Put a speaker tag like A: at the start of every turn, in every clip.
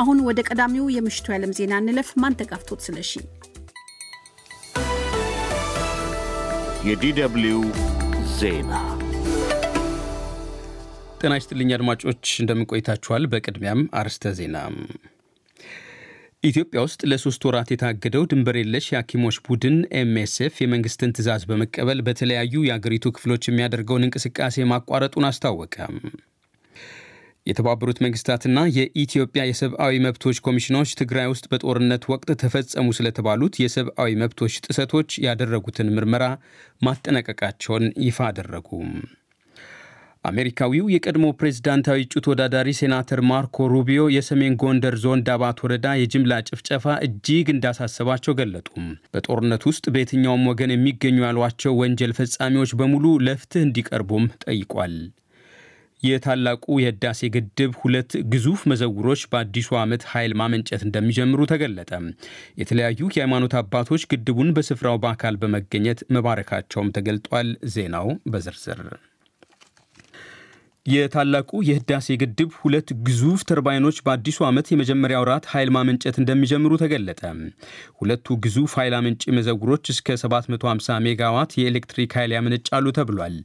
A: አሁን ወደ ቀዳሚው የምሽቱ ያለም ዜና እንለፍ። ተጋፍቶት ስለሺ የዲደብሊው ዜና ጤና ይስጥልኝ አድማጮች፣ እንደምንቆይታችኋል። በቅድሚያም አርስተ ዜና ኢትዮጵያ ውስጥ ለሶስት ወራት የታገደው ድንበር የለሽ የሐኪሞች ቡድን ኤምኤስኤፍ የመንግስትን ትዕዛዝ በመቀበል በተለያዩ የአገሪቱ ክፍሎች የሚያደርገውን እንቅስቃሴ ማቋረጡን አስታወቀ። የተባበሩት መንግስታትና የኢትዮጵያ የሰብአዊ መብቶች ኮሚሽኖች ትግራይ ውስጥ በጦርነት ወቅት ተፈጸሙ ስለተባሉት የሰብአዊ መብቶች ጥሰቶች ያደረጉትን ምርመራ ማጠናቀቃቸውን ይፋ አደረጉ። አሜሪካዊው የቀድሞ ፕሬዝዳንታዊ እጩ ተወዳዳሪ ሴናተር ማርኮ ሩቢዮ የሰሜን ጎንደር ዞን ዳባት ወረዳ የጅምላ ጭፍጨፋ እጅግ እንዳሳሰባቸው ገለጡ። በጦርነት ውስጥ በየትኛውም ወገን የሚገኙ ያሏቸው ወንጀል ፈጻሚዎች በሙሉ ለፍትህ እንዲቀርቡም ጠይቋል። የታላቁ የህዳሴ ግድብ ሁለት ግዙፍ መዘውሮች በአዲሱ ዓመት ኃይል ማመንጨት እንደሚጀምሩ ተገለጠ። የተለያዩ የሃይማኖት አባቶች ግድቡን በስፍራው በአካል በመገኘት መባረካቸውም ተገልጧል። ዜናው በዝርዝር የታላቁ የህዳሴ ግድብ ሁለት ግዙፍ ተርባይኖች በአዲሱ ዓመት የመጀመሪያ ወራት ኃይል ማመንጨት እንደሚጀምሩ ተገለጠ። ሁለቱ ግዙፍ ኃይል አመንጭ መዘውሮች እስከ 750 ሜጋዋት የኤሌክትሪክ ኃይል ያመነጫሉ ተብሏል።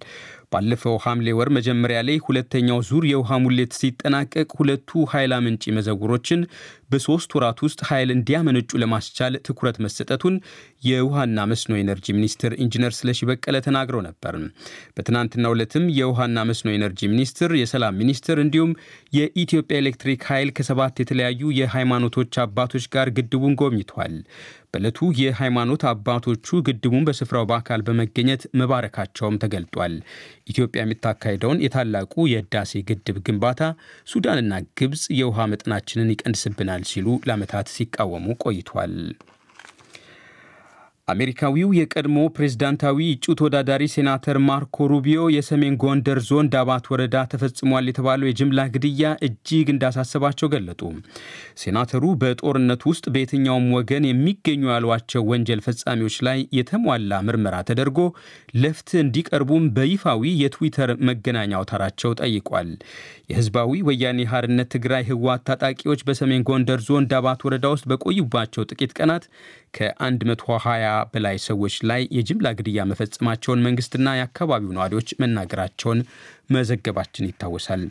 A: ባለፈው ሐምሌ ወር መጀመሪያ ላይ ሁለተኛው ዙር የውሃ ሙሌት ሲጠናቀቅ ሁለቱ ኃይል አመንጪ መዘውሮችን በሶስት ወራት ውስጥ ኃይል እንዲያመነጩ ለማስቻል ትኩረት መሰጠቱን የውሃና መስኖ ኤነርጂ ሚኒስትር ኢንጂነር ስለሺ በቀለ ተናግረው ነበር። በትናንትናው ዕለትም የውሃና መስኖ ኤነርጂ ሚኒስትር፣ የሰላም ሚኒስትር እንዲሁም የኢትዮጵያ ኤሌክትሪክ ኃይል ከሰባት የተለያዩ የሃይማኖቶች አባቶች ጋር ግድቡን ጎብኝቷል። በዕለቱ የሃይማኖት አባቶቹ ግድቡን በስፍራው በአካል በመገኘት መባረካቸውም ተገልጧል። ኢትዮጵያ የምታካሄደውን የታላቁ የህዳሴ ግድብ ግንባታ ሱዳንና ግብፅ የውሃ መጠናችንን ይቀንስብናል ሲሉ ለዓመታት ሲቃወሙ ቆይቷል። አሜሪካዊው የቀድሞ ፕሬዝዳንታዊ እጩ ተወዳዳሪ ሴናተር ማርኮ ሩቢዮ የሰሜን ጎንደር ዞን ዳባት ወረዳ ተፈጽሟል የተባለው የጅምላ ግድያ እጅግ እንዳሳሰባቸው ገለጡ። ሴናተሩ በጦርነት ውስጥ በየትኛውም ወገን የሚገኙ ያሏቸው ወንጀል ፈጻሚዎች ላይ የተሟላ ምርመራ ተደርጎ ለፍትህ እንዲቀርቡም በይፋዊ የትዊተር መገናኛ አውታራቸው ጠይቋል። የህዝባዊ ወያኔ ሀርነት ትግራይ ህወሓት ታጣቂዎች በሰሜን ጎንደር ዞን ዳባት ወረዳ ውስጥ በቆዩባቸው ጥቂት ቀናት ከ120 በላይ ሰዎች ላይ የጅምላ ግድያ መፈጸማቸውን መንግስትና የአካባቢው ነዋሪዎች መናገራቸውን መዘገባችን ይታወሳል።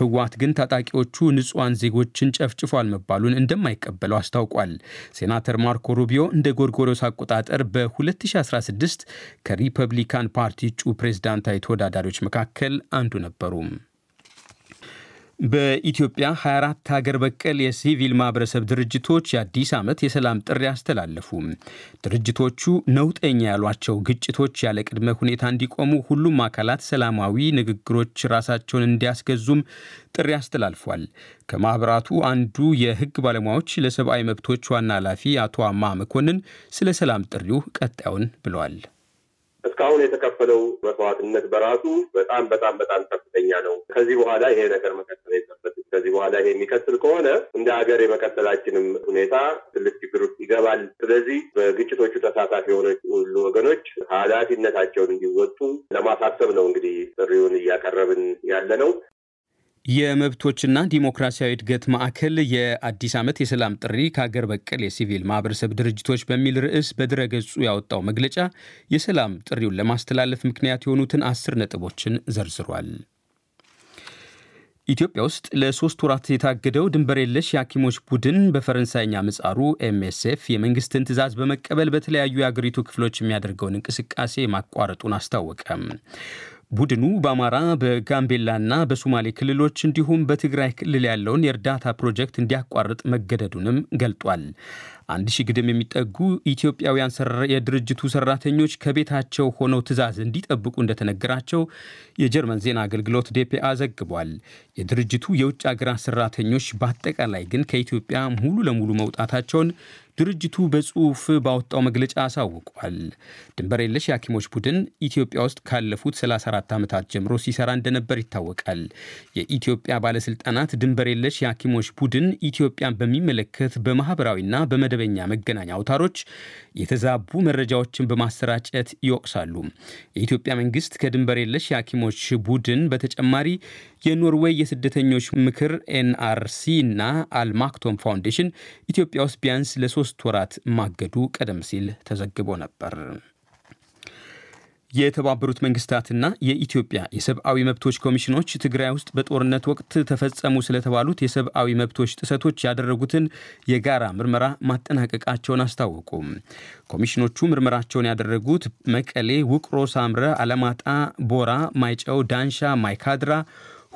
A: ህወሓት ግን ታጣቂዎቹ ንጹሐን ዜጎችን ጨፍጭፏል መባሉን እንደማይቀበለው አስታውቋል። ሴናተር ማርኮ ሩቢዮ እንደ ጎርጎሮስ አቆጣጠር በ2016 ከሪፐብሊካን ፓርቲ እጩ ፕሬዝዳንታዊ ተወዳዳሪዎች መካከል አንዱ ነበሩ። በኢትዮጵያ 24 ሀገር በቀል የሲቪል ማህበረሰብ ድርጅቶች የአዲስ ዓመት የሰላም ጥሪ አስተላለፉ። ድርጅቶቹ ነውጠኛ ያሏቸው ግጭቶች ያለ ቅድመ ሁኔታ እንዲቆሙ፣ ሁሉም አካላት ሰላማዊ ንግግሮች ራሳቸውን እንዲያስገዙም ጥሪ አስተላልፏል። ከማኅበራቱ አንዱ የሕግ ባለሙያዎች ለሰብአዊ መብቶች ዋና ኃላፊ አቶ አማ መኮንን ስለ ሰላም ጥሪው ቀጣዩን ብለዋል። እስካሁን የተከፈለው መስዋዕትነት በራሱ በጣም በጣም በጣም ከፍተኛ ነው። ከዚህ በኋላ ይሄ ነገር መቀጠል የለበትም። ከዚህ በኋላ ይሄ የሚቀጥል ከሆነ እንደ ሀገር የመቀጠላችንም ሁኔታ ትልቅ ችግር ውስጥ ይገባል። ስለዚህ በግጭቶቹ ተሳታፊ የሆነ ሁሉ ወገኖች ኃላፊነታቸውን እንዲወጡ ለማሳሰብ ነው እንግዲህ ጥሪውን እያቀረብን ያለ ነው። የመብቶችና ዲሞክራሲያዊ እድገት ማዕከል የአዲስ ዓመት የሰላም ጥሪ ከሀገር በቀል የሲቪል ማህበረሰብ ድርጅቶች በሚል ርዕስ በድረገጹ ያወጣው መግለጫ የሰላም ጥሪውን ለማስተላለፍ ምክንያት የሆኑትን አስር ነጥቦችን ዘርዝሯል። ኢትዮጵያ ውስጥ ለሶስት ወራት የታገደው ድንበር የለሽ የሐኪሞች ቡድን በፈረንሳይኛ ምጻሩ ኤምኤስኤፍ የመንግስትን ትዕዛዝ በመቀበል በተለያዩ የአገሪቱ ክፍሎች የሚያደርገውን እንቅስቃሴ ማቋረጡን አስታወቀ። ቡድኑ በአማራ በጋምቤላና በሶማሌ ክልሎች እንዲሁም በትግራይ ክልል ያለውን የእርዳታ ፕሮጀክት እንዲያቋርጥ መገደዱንም ገልጧል። አንድ ሺህ ግድም የሚጠጉ ኢትዮጵያውያን የድርጅቱ ሰራተኞች ከቤታቸው ሆነው ትዕዛዝ እንዲጠብቁ እንደተነገራቸው የጀርመን ዜና አገልግሎት ዴፒአ ዘግቧል። የድርጅቱ የውጭ አገራት ሰራተኞች በአጠቃላይ ግን ከኢትዮጵያ ሙሉ ለሙሉ መውጣታቸውን ድርጅቱ በጽሑፍ ባወጣው መግለጫ አሳውቋል። ድንበር የለሽ የሐኪሞች ቡድን ኢትዮጵያ ውስጥ ካለፉት 34 ዓመታት ጀምሮ ሲሰራ እንደነበር ይታወቃል። የኢትዮጵያ ባለስልጣናት ድንበር የለሽ የሐኪሞች ቡድን ኢትዮጵያን በሚመለከት በማኅበራዊና በመደበኛ መገናኛ አውታሮች የተዛቡ መረጃዎችን በማሰራጨት ይወቅሳሉ። የኢትዮጵያ መንግስት ከድንበር የለሽ የሐኪሞች ቡድን በተጨማሪ የኖርዌይ የስደተኞች ምክር ኤንአርሲ እና አልማክቶም ፋውንዴሽን ኢትዮጵያ ውስጥ ቢያንስ ለሶስት ለሶስት ወራት ማገዱ ቀደም ሲል ተዘግቦ ነበር። የተባበሩት መንግስታትና የኢትዮጵያ የሰብአዊ መብቶች ኮሚሽኖች ትግራይ ውስጥ በጦርነት ወቅት ተፈጸሙ ስለተባሉት የሰብአዊ መብቶች ጥሰቶች ያደረጉትን የጋራ ምርመራ ማጠናቀቃቸውን አስታወቁ። ኮሚሽኖቹ ምርመራቸውን ያደረጉት መቀሌ፣ ውቅሮ፣ ሳምረ፣ አለማጣ፣ ቦራ፣ ማይጨው፣ ዳንሻ፣ ማይካድራ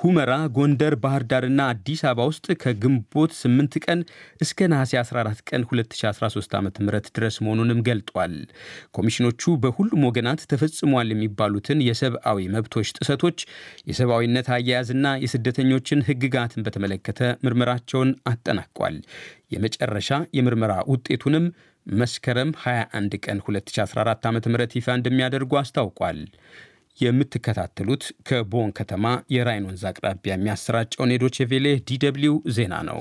A: ሁመራ፣ ጎንደር፣ ባህር ዳርና አዲስ አበባ ውስጥ ከግንቦት 8 ቀን እስከ ነሐሴ 14 ቀን 2013 ዓ ም ድረስ መሆኑንም ገልጧል። ኮሚሽኖቹ በሁሉም ወገናት ተፈጽሟል የሚባሉትን የሰብአዊ መብቶች ጥሰቶች፣ የሰብአዊነት አያያዝና የስደተኞችን ህግጋትን በተመለከተ ምርመራቸውን አጠናቋል። የመጨረሻ የምርመራ ውጤቱንም መስከረም 21 ቀን 2014 ዓ ም ይፋ እንደሚያደርጉ አስታውቋል። የምትከታተሉት ከቦን ከተማ የራይን ወንዝ አቅራቢያ የሚያሰራጨውን የዶቼ ቬሌ ዲደብሊው ዜና ነው።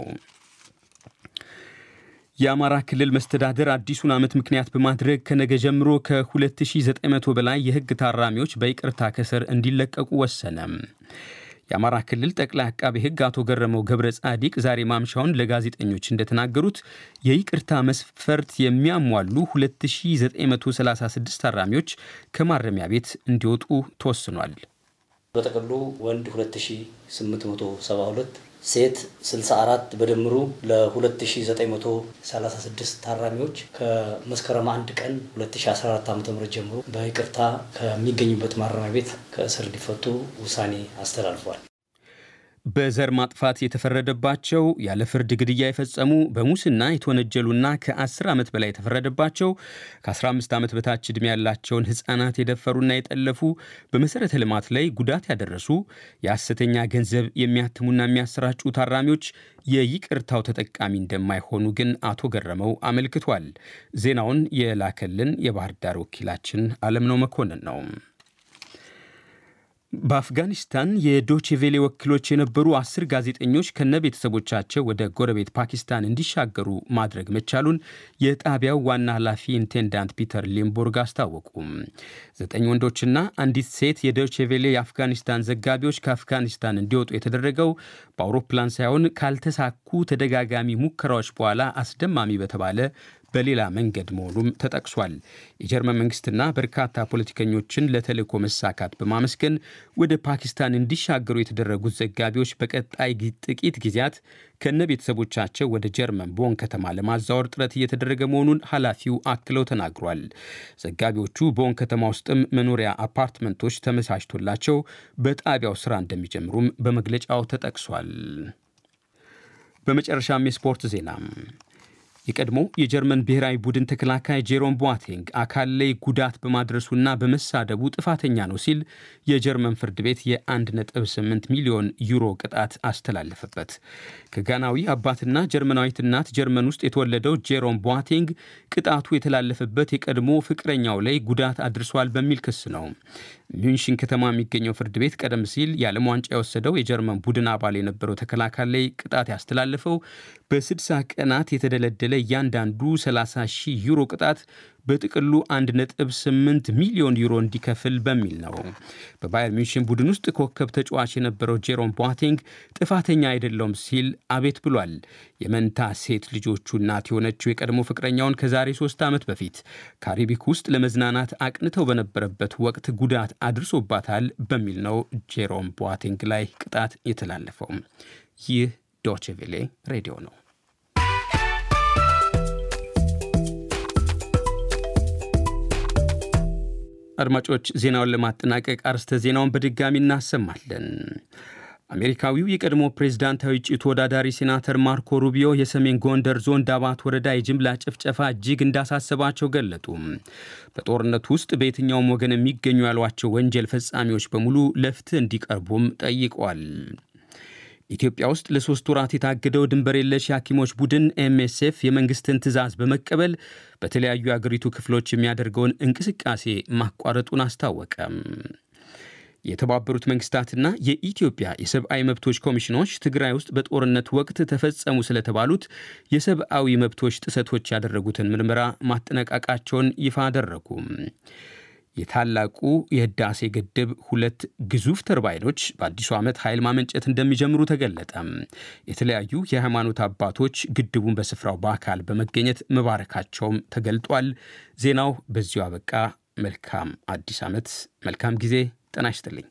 A: የአማራ ክልል መስተዳደር አዲሱን ዓመት ምክንያት በማድረግ ከነገ ጀምሮ ከ2900 በላይ የሕግ ታራሚዎች በይቅርታ ከስር እንዲለቀቁ ወሰነ። የአማራ ክልል ጠቅላይ አቃቤ ህግ አቶ ገረመው ገብረ ጻዲቅ ዛሬ ማምሻውን ለጋዜጠኞች እንደተናገሩት የይቅርታ መስፈርት የሚያሟሉ 2936 ታራሚዎች ከማረሚያ ቤት እንዲወጡ ተወስኗል። በጥቅሉ ወንድ 2872 ሴት 64 በድምሩ ለ2936 ታራሚዎች ከመስከረም አንድ ቀን 2014 ዓ ም ጀምሮ በይቅርታ ከሚገኙበት ማረሚያ ቤት ከእስር እንዲፈቱ ውሳኔ አስተላልፏል። በዘር ማጥፋት የተፈረደባቸው ያለ ፍርድ ግድያ የፈጸሙ በሙስና የተወነጀሉና ከ10 ዓመት በላይ የተፈረደባቸው ከ15 ዓመት በታች ዕድሜ ያላቸውን ሕፃናት የደፈሩና የጠለፉ በመሠረተ ልማት ላይ ጉዳት ያደረሱ የሐሰተኛ ገንዘብ የሚያትሙና የሚያሰራጩ ታራሚዎች የይቅርታው ተጠቃሚ እንደማይሆኑ ግን አቶ ገረመው አመልክቷል። ዜናውን የላከልን የባህር ዳር ወኪላችን አለምነው መኮንን ነው። በአፍጋኒስታን የዶችቬሌ ወኪሎች የነበሩ አስር ጋዜጠኞች ከነ ቤተሰቦቻቸው ወደ ጎረቤት ፓኪስታን እንዲሻገሩ ማድረግ መቻሉን የጣቢያው ዋና ኃላፊ ኢንቴንዳንት ፒተር ሊምቦርግ አስታወቁ። ዘጠኝ ወንዶችና አንዲት ሴት የዶችቬሌ የአፍጋኒስታን ዘጋቢዎች ከአፍጋኒስታን እንዲወጡ የተደረገው በአውሮፕላን ሳይሆን ካልተሳኩ ተደጋጋሚ ሙከራዎች በኋላ አስደማሚ በተባለ በሌላ መንገድ መሆኑም ተጠቅሷል። የጀርመን መንግስትና በርካታ ፖለቲከኞችን ለተልእኮ መሳካት በማመስገን ወደ ፓኪስታን እንዲሻገሩ የተደረጉት ዘጋቢዎች በቀጣይ ጥቂት ጊዜያት ከነ ቤተሰቦቻቸው ወደ ጀርመን ቦን ከተማ ለማዛወር ጥረት እየተደረገ መሆኑን ኃላፊው አክለው ተናግሯል። ዘጋቢዎቹ ቦን ከተማ ውስጥም መኖሪያ አፓርትመንቶች ተመቻችቶላቸው በጣቢያው ስራ እንደሚጀምሩም በመግለጫው ተጠቅሷል። በመጨረሻም የስፖርት ዜና የቀድሞ የጀርመን ብሔራዊ ቡድን ተከላካይ ጄሮም ቦአቴንግ አካል ላይ ጉዳት በማድረሱና በመሳደቡ ጥፋተኛ ነው ሲል የጀርመን ፍርድ ቤት የ1.8 ሚሊዮን ዩሮ ቅጣት አስተላለፈበት። ከጋናዊ አባትና ጀርመናዊት እናት ጀርመን ውስጥ የተወለደው ጄሮም ቦአቴንግ ቅጣቱ የተላለፈበት የቀድሞ ፍቅረኛው ላይ ጉዳት አድርሷል በሚል ክስ ነው። ሚንሽን ከተማ የሚገኘው ፍርድ ቤት ቀደም ሲል የዓለም ዋንጫ የወሰደው የጀርመን ቡድን አባል የነበረው ተከላካይ ላይ ቅጣት ያስተላለፈው በ60 ቀናት የተደለደለ እያንዳንዱ 30 ሺህ ዩሮ ቅጣት በጥቅሉ 1.8 ሚሊዮን ዩሮ እንዲከፍል በሚል ነው። በባየር ሚንሽን ቡድን ውስጥ ኮከብ ተጫዋች የነበረው ጄሮም ቧቲንግ ጥፋተኛ አይደለውም ሲል አቤት ብሏል። የመንታ ሴት ልጆቹ እናት የሆነችው የቀድሞ ፍቅረኛውን ከዛሬ ሶስት ዓመት በፊት ካሪቢክ ውስጥ ለመዝናናት አቅንተው በነበረበት ወቅት ጉዳት አድርሶባታል በሚል ነው ጄሮም ቦአቴንግ ላይ ቅጣት የተላለፈው። ይህ ዶችቬሌ ሬዲዮ ነው። አድማጮች ዜናውን ለማጠናቀቅ አርስተ ዜናውን በድጋሚ እናሰማለን። አሜሪካዊው የቀድሞ ፕሬዝዳንታዊ እጩ ተወዳዳሪ ሴናተር ማርኮ ሩቢዮ የሰሜን ጎንደር ዞን ዳባት ወረዳ የጅምላ ጭፍጨፋ እጅግ እንዳሳሰባቸው ገለጡ። በጦርነቱ ውስጥ በየትኛውም ወገን የሚገኙ ያሏቸው ወንጀል ፈጻሚዎች በሙሉ ለፍትህ እንዲቀርቡም ጠይቋል። ኢትዮጵያ ውስጥ ለሶስት ወራት የታገደው ድንበር የለሽ የሐኪሞች ቡድን ኤምኤስኤፍ የመንግስትን ትዕዛዝ በመቀበል በተለያዩ የአገሪቱ ክፍሎች የሚያደርገውን እንቅስቃሴ ማቋረጡን አስታወቀም የተባበሩት መንግስታትና የኢትዮጵያ የሰብአዊ መብቶች ኮሚሽኖች ትግራይ ውስጥ በጦርነት ወቅት ተፈጸሙ ስለተባሉት የሰብአዊ መብቶች ጥሰቶች ያደረጉትን ምርመራ ማጠናቀቃቸውን ይፋ አደረጉ። የታላቁ የህዳሴ ግድብ ሁለት ግዙፍ ተርባይኖች በአዲሱ ዓመት ኃይል ማመንጨት እንደሚጀምሩ ተገለጠ። የተለያዩ የሃይማኖት አባቶች ግድቡን በስፍራው በአካል በመገኘት መባረካቸውም ተገልጧል። ዜናው በዚሁ አበቃ። መልካም አዲስ ዓመት፣ መልካም ጊዜ። ጤና ይስጥልኝ።